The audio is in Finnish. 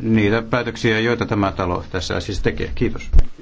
niitä päätöksiä, joita tämä talo tässä asiassa tekee. Kiitos.